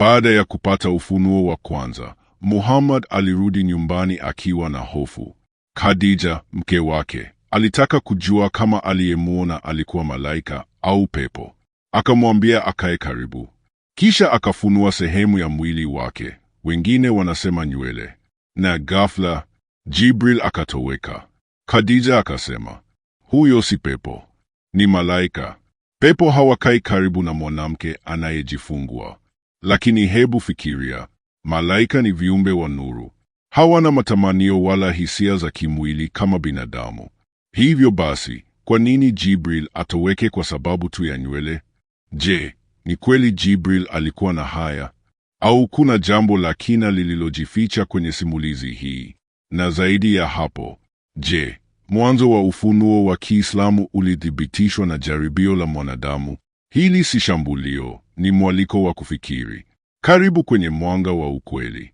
Baada ya kupata ufunuo wa kwanza, Muhammad alirudi nyumbani akiwa na hofu. Khadija, mke wake, alitaka kujua kama aliyemwona alikuwa malaika au pepo. Akamwambia akae karibu. Kisha akafunua sehemu ya mwili wake, wengine wanasema nywele, na ghafla Jibril akatoweka. Khadija akasema, huyo si pepo, ni malaika. Pepo hawakai karibu na mwanamke anayejifungua. Lakini hebu fikiria, malaika ni viumbe wa nuru, hawana matamanio wala hisia za kimwili kama binadamu. Hivyo basi, kwa nini Jibril atoweke kwa sababu tu ya nywele? Je, ni kweli Jibril alikuwa na haya au kuna jambo la kina lililojificha kwenye simulizi hii? Na zaidi ya hapo, je, mwanzo wa ufunuo wa Kiislamu ulithibitishwa na jaribio la mwanadamu? Hili si shambulio, ni mwaliko wa kufikiri. Karibu kwenye mwanga wa ukweli.